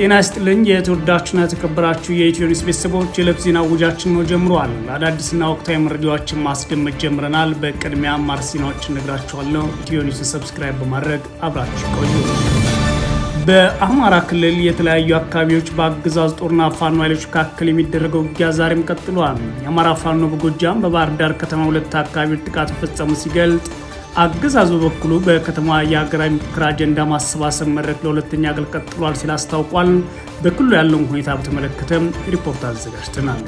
ጤና ይስጥልኝ የተወዳችሁና የተከበራችሁ የኢትዮ ኒውስ ቤተሰቦች የዕለት ዜና ውጃችን ነው ጀምሯል። አዳዲስና ወቅታዊ መረጃዎችን ማስደመጥ ጀምረናል። በቅድሚያ ማር ዜናዎችን እነግራችኋለሁ። ኢትዮ ኒውስን ሰብስክራይብ በማድረግ አብራችሁ ቆዩ። በአማራ ክልል የተለያዩ አካባቢዎች በአገዛዝ ጦርና ፋኖ ኃይሎች መካከል የሚደረገው ውጊያ ዛሬም ቀጥሏል። የአማራ ፋኖ በጎጃም በባህር ዳር ከተማ ሁለት አካባቢዎች ጥቃት ፈጸሙ ሲገልጽ አገዛዙ በበኩሉ በከተማ የሀገራዊ ምክክር አጀንዳ ማሰባሰብ መድረክ ለሁለተኛ አገል ቀጥሏል ሲል አስታውቋል። በክልሉ ያለውን ሁኔታ በተመለከተ ሪፖርት አዘጋጅተናል።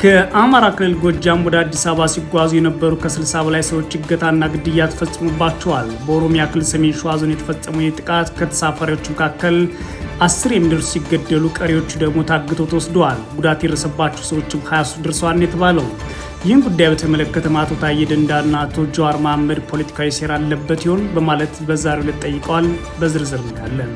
ከአማራ ክልል ጎጃም ወደ አዲስ አበባ ሲጓዙ የነበሩ ከ60 በላይ ሰዎች እገታና ግድያ ተፈጽሞባቸዋል። በኦሮሚያ ክልል ሰሜን ሸዋ ዞን የተፈጸመው ከተሳፋሪዎች መካከል አስር የሚደርሱ ሲገደሉ፣ ቀሪዎቹ ደግሞ ታግተው ተወስደዋል። ጉዳት የደረሰባቸው ሰዎችም 23 ደርሰዋል የተባለው ይህን ጉዳይ በተመለከተ አቶ ታዬ ደንዳና አቶ ጀዋር መሐመድ ፖለቲካዊ ሴራ አለበት ይሆን በማለት በዛሬው ዕለት ጠይቀዋል። በዝርዝር እናያለን።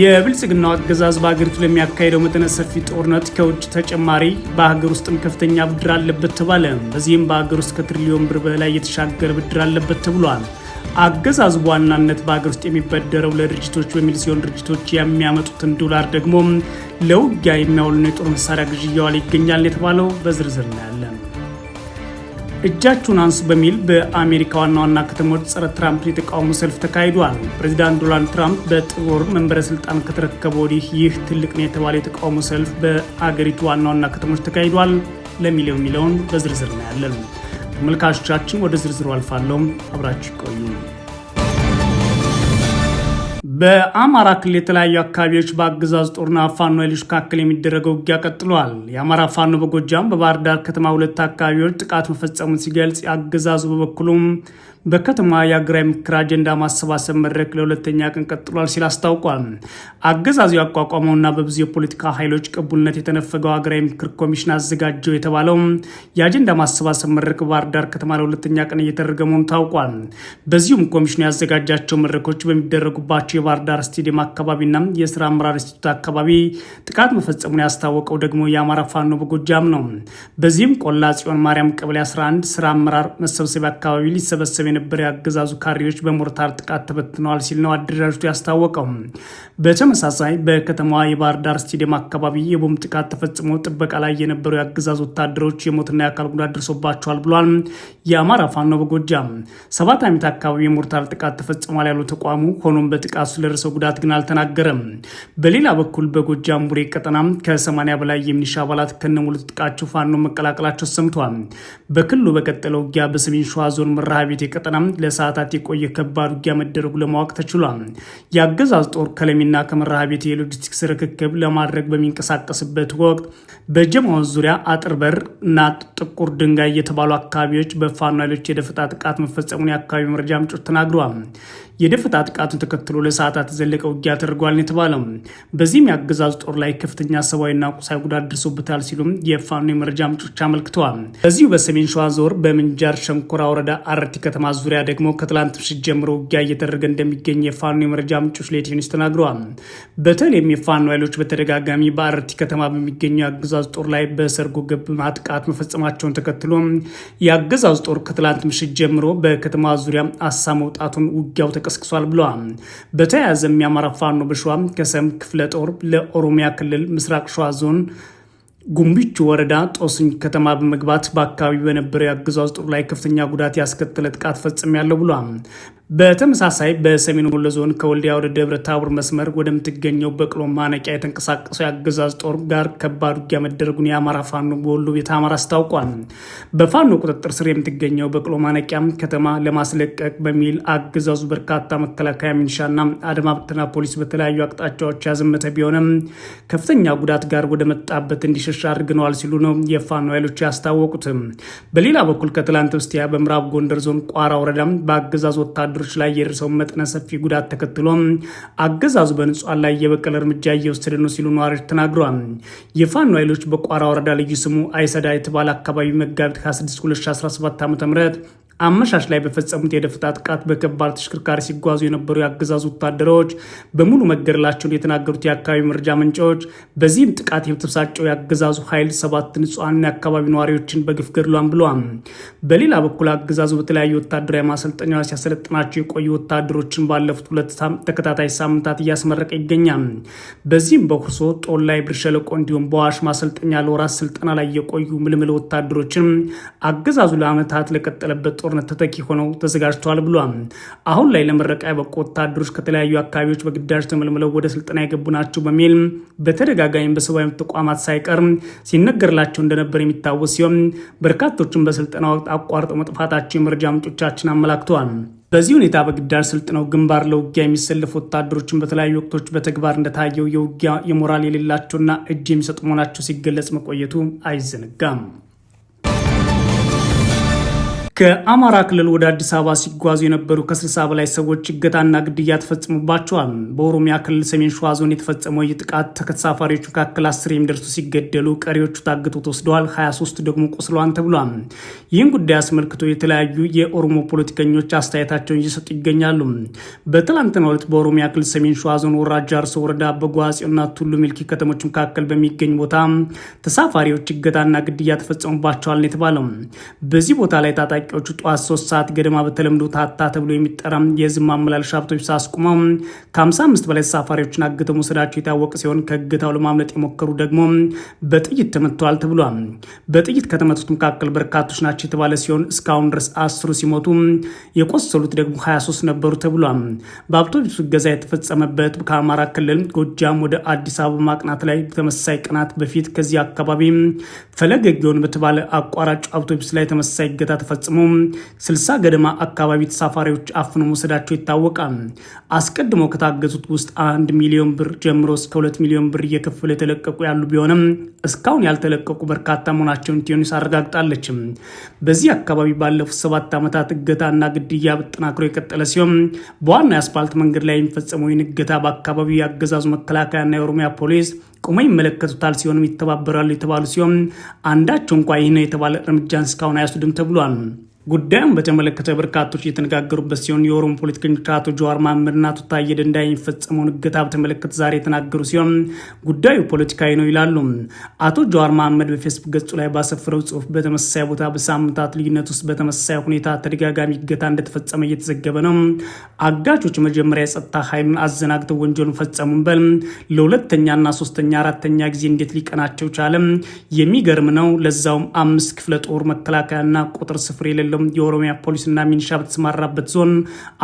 የብልጽግናው አገዛዝ በሀገሪቱ ለሚያካሄደው መጠነ ሰፊ ጦርነት ከውጭ ተጨማሪ በሀገር ውስጥም ከፍተኛ ብድር አለበት ተባለ። በዚህም በሀገር ውስጥ ከትሪሊዮን ብር በላይ የተሻገረ ብድር አለበት ተብሏል። አገዛዝ ዋናነት በሀገር ውስጥ የሚበደረው ለድርጅቶች በሚል ሲሆን ድርጅቶች የሚያመጡትን ዶላር ደግሞ ለውጊያ የሚያውሉን የጦር መሳሪያ ግዥ እያዋለ ይገኛል የተባለው በዝርዝር እናያለን። እጃችሁን አንሱ በሚል በአሜሪካ ዋና ዋና ከተሞች ጸረ ትራምፕ የተቃውሞ ሰልፍ ተካሂዷል። ፕሬዚዳንት ዶናልድ ትራምፕ በጥር መንበረ ስልጣን ከተረከበ ወዲህ ይህ ትልቅ ነው የተባለ የተቃውሞ ሰልፍ በአገሪቱ ዋና ዋና ከተሞች ተካሂዷል። ለሚለው የሚለውን በዝርዝር እናያለን። ተመልካቾቻችን ወደ ዝርዝሩ አልፋለሁም፣ አብራችሁ ይቆዩ። በአማራ ክልል የተለያዩ አካባቢዎች በአገዛዝ ጦርና ፋኖ ኃይሎች መካከል የሚደረገው ውጊያ ቀጥሏል። የአማራ ፋኖ በጎጃም በባህር ዳር ከተማ ሁለት አካባቢዎች ጥቃት መፈጸሙን ሲገልጽ፣ የአገዛዙ በበኩሉም በከተማ የአገራዊ ምክክር አጀንዳ ማሰባሰብ መድረክ ለሁለተኛ ቀን ቀጥሏል ሲል አስታውቋል። አገዛዙ ያቋቋመውና በብዙ የፖለቲካ ኃይሎች ቅቡልነት የተነፈገው ሀገራዊ ምክክር ኮሚሽን አዘጋጀው የተባለው የአጀንዳ ማሰባሰብ መድረክ ባህር ዳር ከተማ ለሁለተኛ ቀን እየተደረገ መሆኑ ታውቋል። በዚሁም ኮሚሽኑ ያዘጋጃቸው መድረኮች በሚደረጉባቸው የባህር ዳር ስቴዲየም አካባቢና የስራ አመራር ኢንስቲቱት አካባቢ ጥቃት መፈጸሙን ያስታወቀው ደግሞ የአማራ ፋኖ በጎጃም ነው። በዚህም ቆላ ጽዮን ማርያም ቀበሌ 11 ስራ አመራር መሰብሰቢያ አካባቢ ሊሰበሰብ የነበረ የአገዛዙ ካሬዎች በሞርታር ጥቃት ተበትነዋል ሲል ነው አደራጅቱ ያስታወቀው። በተመሳሳይ በከተማዋ የባህር ዳር ስቴዲየም አካባቢ የቦምብ ጥቃት ተፈጽሞ ጥበቃ ላይ የነበሩ የአገዛዙ ወታደሮች የሞትና የአካል ጉዳት ደርሶባቸዋል ብሏል። የአማራ ፋኖ በጎጃም ሰባት ዓመት አካባቢ የሞርታር ጥቃት ተፈጽሟል ያለው ተቋሙ ሆኖም በጥቃቱ ስለደረሰው ጉዳት ግን አልተናገረም። በሌላ በኩል በጎጃም ቡሬ ቀጠና ከ በላይ የሚኒሻ አባላት ከነሙሉ ትጥቃቸው ፋኖ መቀላቀላቸው ሰምተዋል። በክልሉ በቀጠለው ውጊያ በሰሜን ሸዋ ዞን መርሃቤት ቀጠና ለሰዓታት የቆየ ከባድ ውጊያ መደረጉ ለማወቅ ተችሏል። የአገዛዝ ጦር ከለሚና ከመርሃ ቤት የሎጂስቲክስ ርክክብ ለማድረግ በሚንቀሳቀስበት ወቅት በጀማው ዙሪያ አጥር በር እና ጥቁር ድንጋይ የተባሉ አካባቢዎች በፋኖ ኃይሎች የደፈጣ ጥቃት መፈጸሙን የአካባቢ መረጃ ምንጮች ተናግረዋል። የደፈጣ ጥቃቱን ተከትሎ ለሰዓታት የዘለቀ ውጊያ ተደርጓል የተባለው በዚህም የአገዛዝ ጦር ላይ ከፍተኛ ሰብአዊና ቁሳዊ ጉዳት ደርሶበታል ሲሉም የፋኖ የመረጃ ምንጮች አመልክተዋል። በዚሁ በሰሜን ሸዋ ዞር በምንጃር ሸንኮራ ወረዳ አረርቲ ከተማ ዙሪያ ደግሞ ከትላንት ምሽት ጀምሮ ውጊያ እየተደረገ እንደሚገኝ የፋኖ የመረጃ ምንጮች ለኢትዮኒስ ተናግረዋል። በተለይም የፋኖ ኃይሎች በተደጋጋሚ በአረርቲ ከተማ በሚገኘው የአገዛዙ ጦር ላይ በሰርጎ ገብ ማጥቃት መፈጸማቸውን ተከትሎ የአገዛዝ ጦር ከትላንት ምሽት ጀምሮ በከተማ ዙሪያ አሳ መውጣቱን ውጊያው ተቀ ቀስቅሷል ብለዋል። በተያያዘም የአማራ ፋኖ በሸዋ ከሰም ክፍለ ጦር ለኦሮሚያ ክልል ምስራቅ ሸዋ ዞን ጉምቢቹ ወረዳ ጦስኝ ከተማ በመግባት በአካባቢው በነበረው የአገዛዝ ጦር ላይ ከፍተኛ ጉዳት ያስከተለ ጥቃት ፈጽም ያለው ብሏል። በተመሳሳይ በሰሜን ወሎ ዞን ከወልዲያ ወደ ደብረ ታቦር መስመር ወደምትገኘው በቅሎ ማነቂያ የተንቀሳቀሰው የአገዛዝ ጦር ጋር ከባድ ውጊያ መደረጉን የአማራ ፋኖ በወሎ ቤት አማራ አስታውቋል። በፋኖ ቁጥጥር ስር የምትገኘው በቅሎ ማነቂያ ከተማ ለማስለቀቅ በሚል አገዛዙ በርካታ መከላከያ ሚኒሻና አድማ ብተና ፖሊስ በተለያዩ አቅጣጫዎች ያዘመተ ቢሆንም ከፍተኛ ጉዳት ጋር ወደ መጣበት እንዲሸሽ አድርገነዋል ሲሉ ነው የፋኖ ኃይሎች ያስታወቁት። በሌላ በኩል ከትላንት በስቲያ በምዕራብ ጎንደር ዞን ቋራ ወረዳ በአገዛዝ ወታደ ወታደሮች ላይ የደረሰውን መጠነ ሰፊ ጉዳት ተከትሎ አገዛዙ በንጹሐን ላይ የበቀል እርምጃ እየወሰደ ነው ሲሉ ነዋሪዎች ተናግረዋል። የፋኖ ኃይሎች በቋራ ወረዳ ልዩ ስሙ አይሰዳ የተባለ አካባቢ መጋቢት 26 2017 ዓ ም አመሻሽ ላይ በፈጸሙት የደፈጣ ጥቃት በከባድ ተሽከርካሪ ሲጓዙ የነበሩ የአገዛዙ ወታደሮች በሙሉ መገደላቸውን የተናገሩት የአካባቢ መረጃ ምንጮች፣ በዚህም ጥቃት የተበሳጨው የአገዛዙ ኃይል ሰባት ንጹሐን የአካባቢ ነዋሪዎችን በግፍ ገድሏን ብሏል። በሌላ በኩል አገዛዙ በተለያዩ ወታደራዊ ማሰልጠኛ ሲያሰለጥናቸው የቆዩ ወታደሮችን ባለፉት ሁለት ተከታታይ ሳምንታት እያስመረቀ ይገኛል። በዚህም በኩርሶ ጦላይ፣ ላይ ብር ሸለቆ እንዲሁም በዋሽ ማሰልጠኛ ለወራት ስልጠና ላይ የቆዩ ምልምል ወታደሮችን አገዛዙ ለአመታት ለቀጠለበት ጦርነት ተተኪ ሆነው ተዘጋጅተዋል ብሏል። አሁን ላይ ለምረቃ የበቁ ወታደሮች ከተለያዩ አካባቢዎች በግዳጅ ተመልምለው ወደ ስልጠና የገቡ ናቸው በሚል በተደጋጋሚ በሰብአዊ መብት ተቋማት ሳይቀር ሲነገርላቸው እንደነበር የሚታወስ ሲሆን በርካቶችን በስልጠና ወቅት አቋርጠው መጥፋታቸው የመረጃ ምንጮቻችን አመላክተዋል። በዚህ ሁኔታ በግዳጅ ስልጥነው ግንባር ለውጊያ የሚሰልፍ ወታደሮችን በተለያዩ ወቅቶች በተግባር እንደታየው የውጊያ የሞራል የሌላቸውና እጅ የሚሰጡ መሆናቸው ሲገለጽ መቆየቱ አይዘነጋም። ከአማራ ክልል ወደ አዲስ አበባ ሲጓዙ የነበሩ ከ60 በላይ ሰዎች እገታና ግድያ ተፈጽሞባቸዋል። በኦሮሚያ ክልል ሰሜን ሸዋ ዞን የተፈጸመው የጥቃት ከተሳፋሪዎች መካከል አስር የሚደርሱ ሲገደሉ ቀሪዎቹ ታግተው ተወስደዋል፣ 23 ደግሞ ቆስለዋል ተብሏል። ይህን ጉዳይ አስመልክቶ የተለያዩ የኦሮሞ ፖለቲከኞች አስተያየታቸውን እየሰጡ ይገኛሉ። በትላንትናው ዕለት በኦሮሚያ ክልል ሰሜን ሸዋ ዞን ወራጅ አርሶ ወረዳ በጓጽዮና ቱሉ ሚልኪ ከተሞች መካከል በሚገኝ ቦታ ተሳፋሪዎች እገታና ግድያ ተፈጸሙባቸዋል የተባለው በዚህ ቦታ ላይ ታጣቂ ታጣቂዎቹ ጠዋት ሶስት ሰዓት ገደማ በተለምዶ ታታ ተብሎ የሚጠራ የህዝብ ማመላለሻ ሀብቶች አስቁመው ከ55 በላይ ተሳፋሪዎችን አግተው መውሰዳቸው የታወቀ ሲሆን ከእገታው ለማምለጥ የሞከሩ ደግሞ በጥይት ተመትተዋል ተብሏል። በጥይት ከተመቱት መካከል በርካቶች ናቸው የተባለ ሲሆን እስካሁን ድረስ አስሩ ሲሞቱ የቆሰሉት ደግሞ 23 ነበሩ ተብሏል። በአውቶቡሱ እገዛ የተፈጸመበት ከአማራ ክልል ጎጃም ወደ አዲስ አበባ ማቅናት ላይ ተመሳሳይ ቀናት በፊት ከዚህ አካባቢ ፈለገ ጊዮን በተባለ አቋራጭ አውቶቡስ ላይ ተመሳሳይ እገታ ተፈጽሞ እንዲሁም ስልሳ ገደማ አካባቢ ተሳፋሪዎች አፍኖ መውሰዳቸው ይታወቃል። አስቀድሞ ከታገዙት ውስጥ አንድ ሚሊዮን ብር ጀምሮ እስከ ሁለት ሚሊዮን ብር እየከፈሉ የተለቀቁ ያሉ ቢሆንም እስካሁን ያልተለቀቁ በርካታ መሆናቸውን ቲዩኒስ አረጋግጣለች። በዚህ አካባቢ ባለፉት ሰባት ዓመታት እገታና ግድያ ጠናክሮ የቀጠለ ሲሆን በዋና የአስፓልት መንገድ ላይ የሚፈጸመው ይህን እገታ በአካባቢው የአገዛዙ መከላከያና የኦሮሚያ ፖሊስ ቁመ ይመለከቱታል ሲሆንም ይተባበራሉ የተባሉ ሲሆን አንዳቸው እንኳ ይህ ነው የተባለ እርምጃን እስካሁን አያስዱም ተብሏል። ጉዳዩን በተመለከተ በርካቶች እየተነጋገሩበት ሲሆን የኦሮሞ ፖለቲከኞች አቶ ጀዋር መሐመድና አቶ ታዬ ደንደአ የሚፈጸመውን እገታ በተመለከተ ዛሬ የተናገሩ ሲሆን ጉዳዩ ፖለቲካዊ ነው ይላሉ። አቶ ጀዋር መሐመድ በፌስቡክ ገጹ ላይ ባሰፈረው ጽሁፍ በተመሳሳይ ቦታ በሳምንታት ልዩነት ውስጥ በተመሳሳይ ሁኔታ ተደጋጋሚ እገታ እንደተፈጸመ እየተዘገበ ነው። አጋቾች መጀመሪያ የጸጥታ ኃይሉን አዘናግተው ወንጀሉን ፈጸሙን በል ለሁለተኛና ሶስተኛ አራተኛ ጊዜ እንዴት ሊቀናቸው ቻለም? የሚገርም ነው። ለዛውም አምስት ክፍለ ጦር መከላከያና ቁጥር ስፍር የሌለ የሌለውም የኦሮሚያ ፖሊስና ሚኒሻ በተሰማራበት ዞን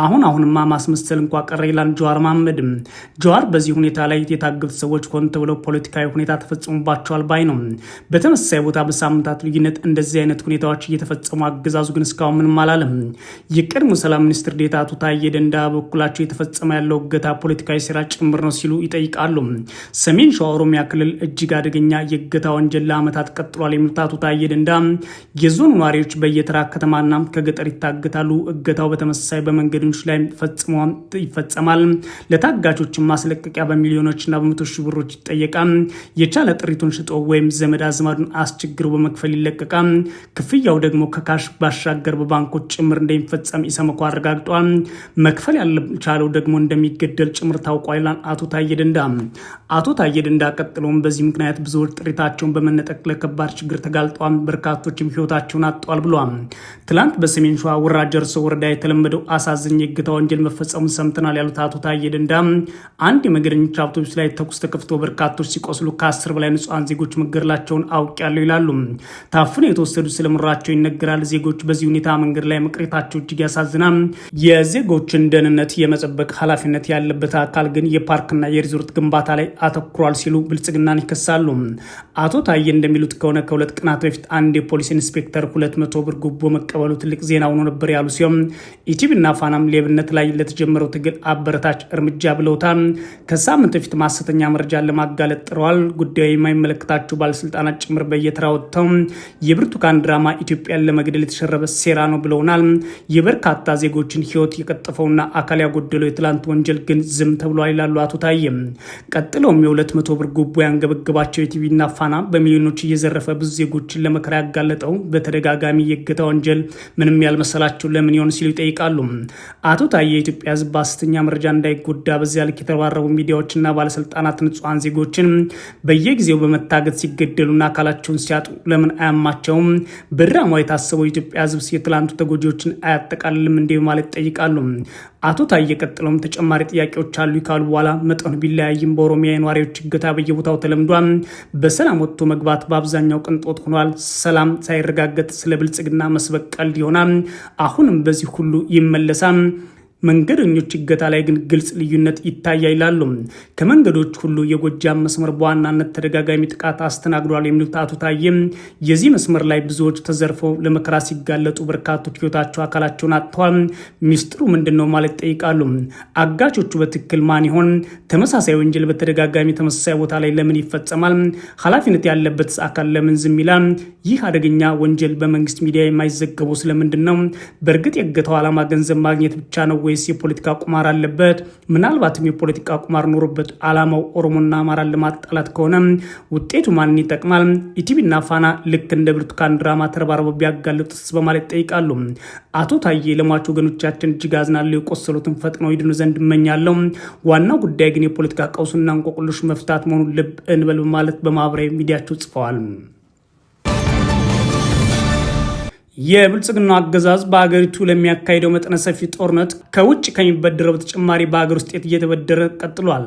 አሁን አሁንማ ማስመሰል እንኳ ቀረ ይላል ጀዋር መሐመድ። ጀዋር በዚህ ሁኔታ ላይ የታገቱት ሰዎች ሆን ተብለው ፖለቲካዊ ሁኔታ ተፈጽሙባቸዋል ባይ ነው። በተመሳሳይ ቦታ በሳምንታት ልዩነት እንደዚህ አይነት ሁኔታዎች እየተፈጸሙ አገዛዙ ግን እስካሁን ምንም አላለም። የቀድሞ ሰላም ሚኒስትር ዴታ አቶ ታዬ ደንዳ በኩላቸው የተፈጸመ ያለው እገታ ፖለቲካዊ ስራ ጭምር ነው ሲሉ ይጠይቃሉ። ሰሜን ሸዋ ኦሮሚያ ክልል እጅግ አደገኛ የእገታ ወንጀል ለአመታት ቀጥሏል የሚሉት አቶ ታዬ ደንዳ የዞኑ ነዋሪዎች በየተራ ከተማ ከከተማና ከገጠር ይታገታሉ። እገታው በተመሳሳይ በመንገደኞች ላይ ይፈጸማል። ለታጋቾች ማስለቀቂያ በሚሊዮኖችና በመቶ ሺህ ብሮች ይጠየቃል። የቻለ ጥሪቱን ሽጦ ወይም ዘመድ አዝማዱን አስቸግሮ በመክፈል ይለቀቃል። ክፍያው ደግሞ ከካሽ ባሻገር በባንኮች ጭምር እንደሚፈጸም ኢሰመኮ አረጋግጧል። መክፈል ያልቻለው ደግሞ እንደሚገደል ጭምር ታውቋል። አቶ ታዬ ደንዳ አቶ ታዬ ደንዳ ቀጥሎም በዚህ ምክንያት ብዙዎች ጥሪታቸውን በመነጠቅ ለከባድ ችግር ተጋልጧል፣ በርካቶችም ህይወታቸውን አጥተዋል ብሏል። ትላንት በሰሜን ሸዋ ውራጀርሶ ጀርሶ ወረዳ የተለመደው አሳዝኝ የእገታ ወንጀል መፈጸሙን ሰምተናል ያሉት አቶ ታዬ ደንዳ አንድ የመንገደኞች አውቶቡስ ላይ ተኩስ ተከፍቶ በርካቶች ሲቆስሉ ከአስር በላይ ንጹሐን ዜጎች መገደላቸውን አውቃለሁ ይላሉ። ታፍነው የተወሰዱ ስለምራቸው ይነገራል። ዜጎች በዚህ ሁኔታ መንገድ ላይ መቅረታቸው እጅግ ያሳዝናል። የዜጎችን ደህንነት የመጠበቅ ኃላፊነት ያለበት አካል ግን የፓርክና የሪዞርት ግንባታ ላይ አተኩሯል ሲሉ ብልጽግናን ይከሳሉ። አቶ ታዬ እንደሚሉት ከሆነ ከሁለት ቀናት በፊት አንድ የፖሊስ ኢንስፔክተር ሁለት መቶ ብር ጉቦ መቀ መቀበሉ ትልቅ ዜና ሆኖ ነበር ያሉ ሲሆን ኢቲቪና ፋናም ሌብነት ላይ ለተጀመረው ትግል አበረታች እርምጃ ብለውታል። ከሳምንት በፊት ማሰተኛ መረጃ ለማጋለጥ ጥረዋል። ጉዳዩ የማይመለከታቸው ባለስልጣናት ጭምር በየተራ ወጥተው የብርቱካን ድራማ ኢትዮጵያን ለመግደል የተሸረበ ሴራ ነው ብለውናል። የበርካታ ዜጎችን ህይወት የቀጠፈውና አካል ያጎደለው የትላንት ወንጀል ግን ዝም ተብሏል ይላሉ አቶ ታዬም። ቀጥለውም የሁለት መቶ ብር ጉቦ ያንገበገባቸው እና ፋና በሚሊዮኖች እየዘረፈ ብዙ ዜጎችን ለመከራ ያጋለጠው በተደጋጋሚ የእገታ ወንጀል ምንም ያልመሰላቸው ለምን ይሆን ሲሉ ይጠይቃሉ። አቶ ታዬ የኢትዮጵያ ሕዝብ በሐሰተኛ መረጃ እንዳይጎዳ በዚያ ልክ የተባረቡ ሚዲያዎችና ባለስልጣናት ንጹሐን ዜጎችን በየጊዜው በመታገት ሲገደሉና አካላቸውን ሲያጡ ለምን አያማቸውም? በድራማው የታሰበው የኢትዮጵያ ሕዝብ የትላንቱ ተጎጂዎችን አያጠቃልልም እንዴ? ማለት ይጠይቃሉ። አቶ ታዬ ቀጥለውም ተጨማሪ ጥያቄዎች አሉ ካሉ በኋላ መጠኑ ቢለያይም በኦሮሚያ የነዋሪዎች እገታ በየቦታው ተለምዷል። በሰላም ወጥቶ መግባት በአብዛኛው ቅንጦት ሆኗል። ሰላም ሳይረጋገጥ ስለ ብልጽግና መስበቅ ቀልድ ይሆናል። አሁንም በዚህ ሁሉ ይመለሳል። መንገደኞች እገታ ላይ ግን ግልጽ ልዩነት ይታያል ይላሉ። ከመንገዶች ሁሉ የጎጃም መስመር በዋናነት ተደጋጋሚ ጥቃት አስተናግዷል የሚሉት አቶ ታዬም የዚህ መስመር ላይ ብዙዎች ተዘርፈው ለመከራ ሲጋለጡ፣ በርካቶች ህይወታቸው አካላቸውን አጥተዋል። ሚስጥሩ ምንድን ነው ማለት ይጠይቃሉ። አጋቾቹ በትክክል ማን ይሆን? ተመሳሳይ ወንጀል በተደጋጋሚ ተመሳሳይ ቦታ ላይ ለምን ይፈጸማል? ኃላፊነት ያለበት አካል ለምን ዝም ይላል? ይህ አደገኛ ወንጀል በመንግስት ሚዲያ የማይዘገበው ስለምንድን ነው? በእርግጥ የእገታው ዓላማ ገንዘብ ማግኘት ብቻ ነው ወይስ የፖለቲካ ቁማር አለበት? ምናልባትም የፖለቲካ ቁማር ኖሮበት አላማው ኦሮሞና አማራን ለማጣላት ከሆነ ውጤቱ ማንን ይጠቅማል? ኢቲቪና ፋና ልክ እንደ ብርቱካን ድራማ ተረባርበው ቢያጋልጡስ በማለት ይጠይቃሉ። አቶ ታዬ ለሟች ወገኖቻችን እጅግ አዝናለሁ። የቆሰሉትን ፈጥነው ይድኑ ዘንድ እመኛለሁ። ዋናው ጉዳይ ግን የፖለቲካ ቀውሱና እንቆቅልሽ መፍታት መሆኑን ልብ እንበል በማለት በማህበራዊ ሚዲያቸው ጽፈዋል። የብልጽግና አገዛዝ በሀገሪቱ ለሚያካሄደው መጠነ ሰፊ ጦርነት ከውጭ ከሚበደረው በተጨማሪ በሀገር ውስጥ እየተበደረ ቀጥሏል።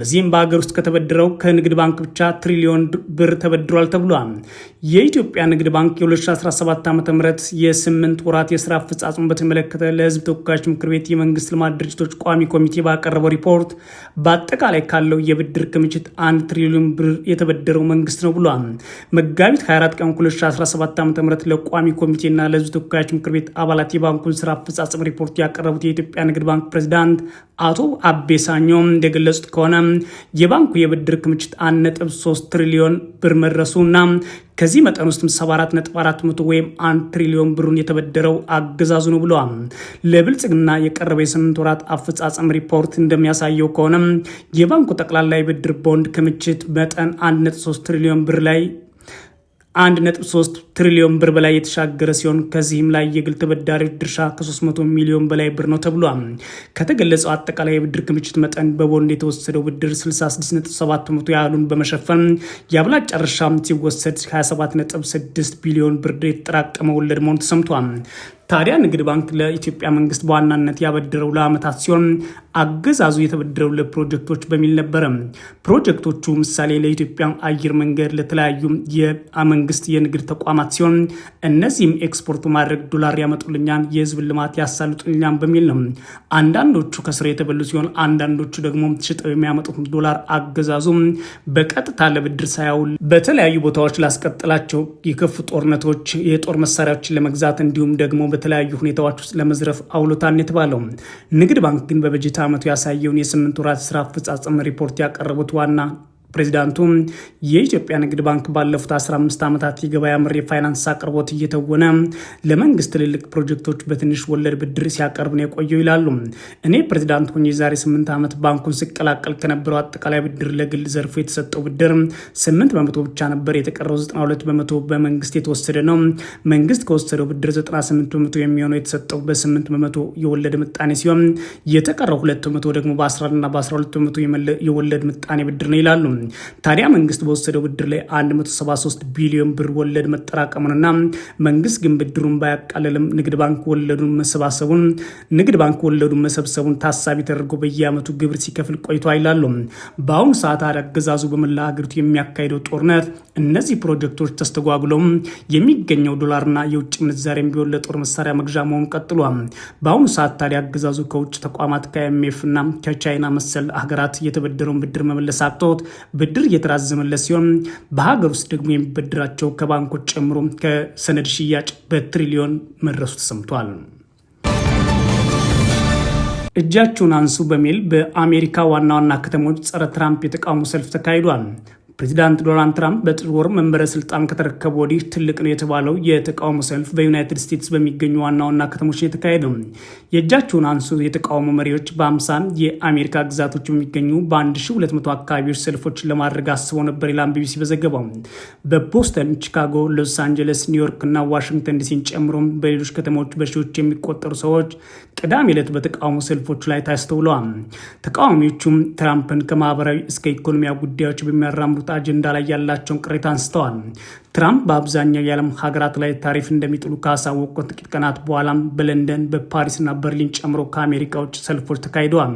በዚህም በሀገር ውስጥ ከተበደረው ከንግድ ባንክ ብቻ ትሪሊዮን ብር ተበድሯል ተብሏል። የኢትዮጵያ ንግድ ባንክ የ2017 ዓ ም የስምንት ወራት የስራ አፈጻጽሙ በተመለከተ ለህዝብ ተወካዮች ምክር ቤት የመንግስት ልማት ድርጅቶች ቋሚ ኮሚቴ ባቀረበው ሪፖርት በአጠቃላይ ካለው የብድር ክምችት አንድ ትሪሊዮን ብር የተበደረው መንግስት ነው ብሏል። መጋቢት 24 ቀን 2017 ዓ ም ለቋሚ ኮሚቴ ና ለህዝብ ተወካዮች ምክር ቤት አባላት የባንኩን ስራ አፈጻጸም ሪፖርት ያቀረቡት የኢትዮጵያ ንግድ ባንክ ፕሬዚዳንት አቶ አቤ ሳኞ እንደገለጹት ከሆነ የባንኩ የብድር ክምችት 1.3 ትሪሊዮን ብር መድረሱና ከዚህ መጠን ውስጥም 74.4 ወይም 1 ትሪሊዮን ብሩን የተበደረው አገዛዙ ነው ብለዋል። ለብልጽግና የቀረበ የስምንት ወራት አፈጻጸም ሪፖርት እንደሚያሳየው ከሆነ የባንኩ ጠቅላላ የብድር ቦንድ ክምችት መጠን 1.3 ትሪሊዮን ብር ላይ 1.3 ትሪሊዮን ብር በላይ የተሻገረ ሲሆን ከዚህም ላይ የግል ተበዳሪዎች ድርሻ ከ300 ሚሊዮን በላይ ብር ነው ተብሏል። ከተገለጸው አጠቃላይ የብድር ክምችት መጠን በቦንድ የተወሰደው ብድር 66.7 በመቶ ያህሉን በመሸፈን የአብላጫ ድርሻ ሲወሰድ 27.6 ቢሊዮን ብር የተጠራቀመ ወለድ መሆኑ ተሰምቷል። ታዲያ ንግድ ባንክ ለኢትዮጵያ መንግስት በዋናነት ያበደረው ለአመታት ሲሆን አገዛዙ የተበደረው ለፕሮጀክቶች በሚል ነበረ። ፕሮጀክቶቹ ምሳሌ ለኢትዮጵያ አየር መንገድ፣ ለተለያዩ የመንግስት የንግድ ተቋማት ሲሆን እነዚህም ኤክስፖርት ማድረግ ዶላር ያመጡልኛን፣ የህዝብን ልማት ያሳልጡልኛን በሚል ነው። አንዳንዶቹ ከስራ የተበሉ ሲሆን አንዳንዶቹ ደግሞ ሽጠው የሚያመጡት ዶላር አገዛዙ በቀጥታ ለብድር ሳያውል በተለያዩ ቦታዎች ላስቀጥላቸው የከፉ ጦርነቶች የጦር መሳሪያዎችን ለመግዛት እንዲሁም ደግሞ በተለያዩ ሁኔታዎች ውስጥ ለመዝረፍ አውሎታን የተባለው ንግድ ባንክ ግን በበጀት ዓመቱ ያሳየውን የስምንት ወራት ስራ አፈጻጸም ሪፖርት ያቀረቡት ዋና ፕሬዚዳንቱ የኢትዮጵያ ንግድ ባንክ ባለፉት 15 ዓመታት የገበያ ምር የፋይናንስ አቅርቦት እየተወነ ለመንግስት ትልልቅ ፕሮጀክቶች በትንሽ ወለድ ብድር ሲያቀርብ ነው የቆየው ይላሉ። እኔ ፕሬዚዳንት ሆኜ የዛሬ 8 ዓመት ባንኩን ስቀላቀል ከነበረው አጠቃላይ ብድር ለግል ዘርፉ የተሰጠው ብድር 8 በመቶ ብቻ ነበር። የተቀረው 92 በመቶ በመንግስት የተወሰደ ነው። መንግስት ከወሰደው ብድር 98 በመቶ የሚሆነው የተሰጠው በ8 በመቶ የወለድ ምጣኔ ሲሆን የተቀረው 2 በመቶ ደግሞ በ11 እና በ12 በመቶ የወለድ ምጣኔ ብድር ነው ይላሉ። ታዲያ መንግስት በወሰደው ብድር ላይ 173 ቢሊዮን ብር ወለድ መጠራቀሙንና መንግስት ግን ብድሩን ባያቃለልም ንግድ ባንክ ወለዱን መሰባሰቡን ንግድ ባንክ ወለዱን መሰብሰቡን ታሳቢ ተደርጎ በየአመቱ ግብር ሲከፍል ቆይቷል ይላሉ። በአሁኑ ሰዓት አገዛዙ በመላ ሀገሪቱ የሚያካሄደው ጦርነት እነዚህ ፕሮጀክቶች ተስተጓጉለው የሚገኘው ዶላርና የውጭ ምንዛሬም ቢሆን ለጦር መሳሪያ መግዣ መሆኑ ቀጥሏል። በአሁኑ ሰዓት ታዲያ አገዛዙ ከውጭ ተቋማት ከአይኤምኤፍና ከቻይና መሰል ሀገራት የተበደረውን ብድር መመለስ አቅቶት ብድር እየተራዘመለት ሲሆን በሀገር ውስጥ ደግሞ የሚበድራቸው ከባንኮች ጨምሮ ከሰነድ ሽያጭ በትሪሊዮን መድረሱ ተሰምቷል። እጃችሁን አንሱ በሚል በአሜሪካ ዋና ዋና ከተሞች ጸረ ትራምፕ የተቃውሞ ሰልፍ ተካሂዷል። ፕሬዚዳንት ዶናልድ ትራምፕ በጥር ወር መንበረ ስልጣን ከተረከቡ ወዲህ ትልቅ ነው የተባለው የተቃውሞ ሰልፍ በዩናይትድ ስቴትስ በሚገኙ ዋና ዋና ከተሞች ነው። የእጃቸውን አንሱ የተቃውሞ መሪዎች በአምሳን የአሜሪካ ግዛቶች በሚገኙ በ1200 አካባቢዎች ሰልፎች ለማድረግ አስበው ነበር ይላል ቢቢሲ በዘገባው። በቦስተን፣ ቺካጎ፣ ሎስ አንጀለስ፣ ኒውዮርክ እና ዋሽንግተን ዲሲን ጨምሮ በሌሎች ከተሞች በሺዎች የሚቆጠሩ ሰዎች ቅዳሜ ዕለት በተቃውሞ ሰልፎች ላይ ታስተውለዋል። ተቃዋሚዎቹም ትራምፕን ከማህበራዊ እስከ ኢኮኖሚያዊ ጉዳዮች በሚያራምዱት አጀንዳ ላይ ያላቸውን ቅሬታ አንስተዋል። ትራምፕ በአብዛኛው የዓለም ሀገራት ላይ ታሪፍ እንደሚጥሉ ካሳወቁ ጥቂት ቀናት በኋላም በለንደን በፓሪስና በርሊን ጨምሮ ከአሜሪካ ውጭ ሰልፎች ተካሂደዋል።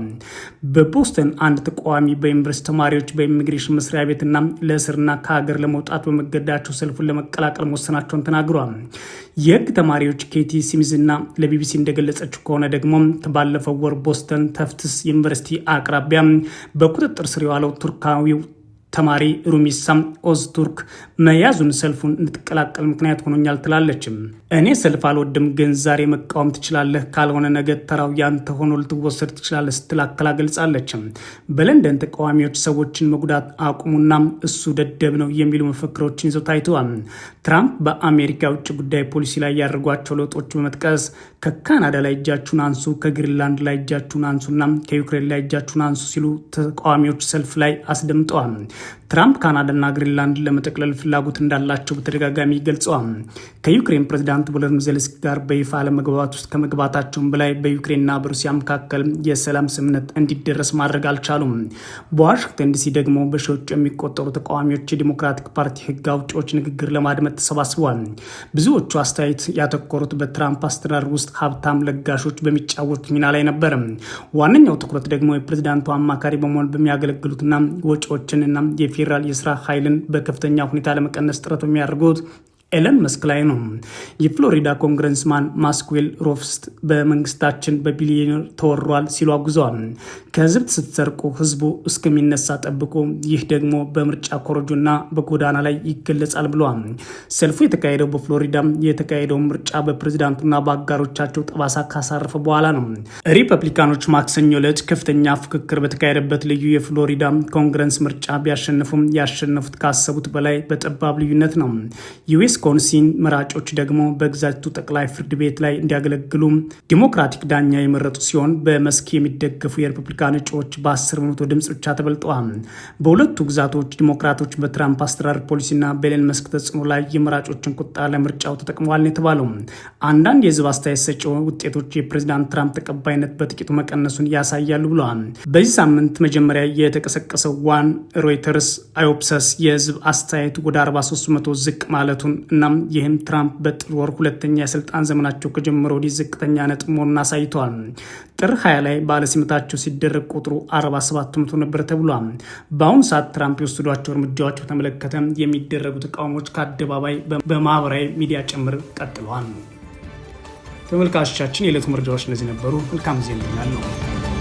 በቦስተን አንድ ተቃዋሚ በዩኒቨርስቲ ተማሪዎች በኢሚግሬሽን መስሪያ ቤትና ለእስርና ከሀገር ለመውጣት በመገደዳቸው ሰልፉን ለመቀላቀል መወሰናቸውን ተናግረዋል። የህግ ተማሪዎች ኬቲ ሲሚዝ እና ለቢቢሲ እንደገለጸችው ከሆነ ደግሞ ባለፈው ወር ቦስተን ተፍትስ ዩኒቨርሲቲ አቅራቢያ በቁጥጥር ስር የዋለው ቱርካዊው ተማሪ ሩሚሳም ኦዝቱርክ መያዙን ሰልፉን እንድትቀላቀል ምክንያት ሆኖኛል ትላለችም። እኔ ሰልፍ አልወድም፣ ግን ዛሬ መቃወም ትችላለህ፣ ካልሆነ ነገ ተራው ያንተ ሆኖ ልትወሰድ ትችላለህ ስትል አክላ ገልጻለችም። በለንደን ተቃዋሚዎች ሰዎችን መጉዳት አቁሙና እሱ ደደብ ነው የሚሉ መፈክሮችን ይዘው ታይተዋል። ትራምፕ በአሜሪካ ውጭ ጉዳይ ፖሊሲ ላይ ያደርጓቸው ለውጦች በመጥቀስ ከካናዳ ላይ እጃችሁን አንሱ፣ ከግሪንላንድ ላይ እጃችሁን አንሱና ከዩክሬን ላይ እጃችሁን አንሱ ሲሉ ተቃዋሚዎች ሰልፍ ላይ አስደምጠዋል። ትራምፕ ካናዳና ግሪንላንድን ለመጠቅለል ፍላጎት እንዳላቸው በተደጋጋሚ ገልጸዋል። ከዩክሬን ፕሬዚዳንት ቮሎድሚር ዜሌንስኪ ጋር በይፋ አለመግባባት ውስጥ ከመግባታቸውም በላይ በዩክሬንና በሩሲያ መካከል የሰላም ስምምነት እንዲደረስ ማድረግ አልቻሉም። በዋሽንግተን ዲሲ ደግሞ በሺዎች የሚቆጠሩ ተቃዋሚዎች የዲሞክራቲክ ፓርቲ ህግ አውጪዎች ንግግር ለማድመጥ ተሰባስበዋል። ብዙዎቹ አስተያየት ያተኮሩት በትራምፕ አስተዳደር ውስጥ ሀብታም ለጋሾች በሚጫወቱት ሚና ላይ ነበር። ዋነኛው ትኩረት ደግሞ የፕሬዚዳንቱ አማካሪ በመሆን በሚያገለግሉትና ወጪዎችንና የፌዴራል የስራ ኃይልን በከፍተኛ ሁኔታ ለመቀነስ ጥረት የሚያደርጉት ኤለን መስክ ላይ ነው። የፍሎሪዳ ኮንግረስማን ማስኩዌል ሮፍስት በመንግስታችን በቢሊዮነር ተወሯል ሲሉ አጉዘዋል። ከህዝብ ስትሰርቁ ህዝቡ እስከሚነሳ ጠብቁ፣ ይህ ደግሞ በምርጫ ኮረጆና በጎዳና ላይ ይገለጻል ብለዋል። ሰልፉ የተካሄደው በፍሎሪዳ የተካሄደው ምርጫ በፕሬዚዳንቱና በአጋሮቻቸው ጠባሳ ካሳረፈ በኋላ ነው። ሪፐብሊካኖች ማክሰኞ ዕለት ከፍተኛ ፉክክር በተካሄደበት ልዩ የፍሎሪዳ ኮንግረስ ምርጫ ቢያሸንፉም ያሸነፉት ካሰቡት በላይ በጠባብ ልዩነት ነው። ዩኤስ የዊስኮንሲን መራጮች ደግሞ በግዛቱ ጠቅላይ ፍርድ ቤት ላይ እንዲያገለግሉ ዲሞክራቲክ ዳኛ የመረጡ ሲሆን በመስክ የሚደገፉ የሪፐብሊካን እጩዎች በ10 በመቶ ድምፅ ብቻ ተበልጠዋል። በሁለቱ ግዛቶች ዲሞክራቶች በትራምፕ አስተራር ፖሊሲና በኤለን መስክ ተጽዕኖ ላይ የመራጮችን ቁጣ ለምርጫው ተጠቅመዋል የተባለው። አንዳንድ የህዝብ አስተያየት ሰጪ ውጤቶች የፕሬዚዳንት ትራምፕ ተቀባይነት በጥቂቱ መቀነሱን ያሳያሉ ብለዋል። በዚህ ሳምንት መጀመሪያ የተቀሰቀሰው ዋን ሮይተርስ አዮፕሰስ የህዝብ አስተያየት ወደ 43 በመቶ ዝቅ ማለቱን እናም ይህም ትራምፕ በጥር ወር ሁለተኛ የስልጣን ዘመናቸው ከጀመረ ወዲህ ዝቅተኛ ነጥብ መሆኑን አሳይተዋል። ጥር 20 ላይ ባለሲመታቸው ሲደረግ ቁጥሩ 47 መቶ ነበር ተብሏል። በአሁኑ ሰዓት ትራምፕ የወሰዷቸው እርምጃዎች በተመለከተ የሚደረጉ ተቃውሞዎች ከአደባባይ በማህበራዊ ሚዲያ ጭምር ቀጥለዋል። ተመልካቾቻችን የዕለቱ መረጃዎች እነዚህ ነበሩ። መልካም ዜና ነው።